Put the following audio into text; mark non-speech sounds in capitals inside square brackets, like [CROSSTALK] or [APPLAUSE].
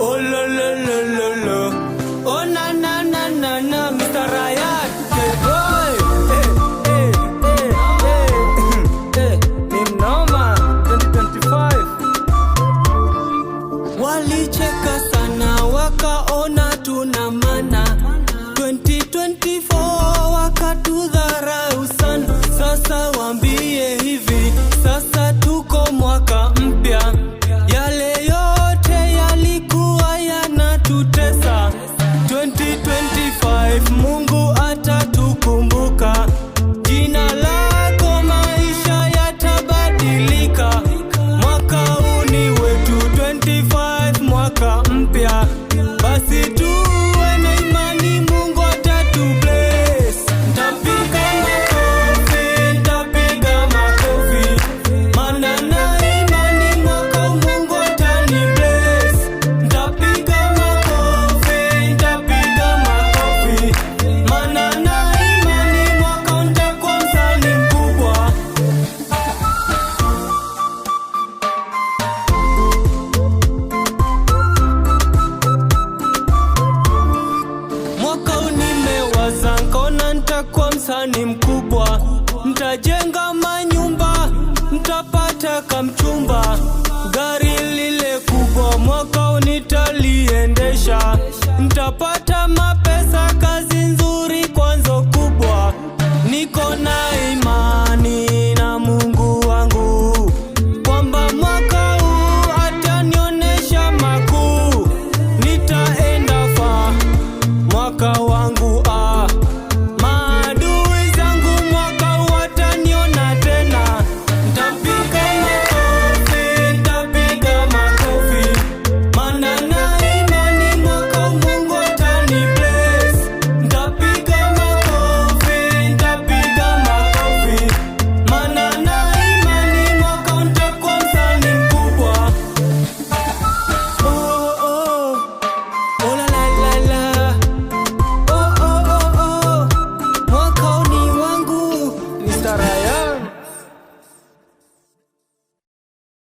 na [LAUGHS] Walicheka sana wakaona tuna 5 Mungu atatukumbuka. sasa ni mkubwa, mtajenga manyumba, mtapata kamchumba. Gari lile kubwa mwaka unitaliendesha mtapata mapesa.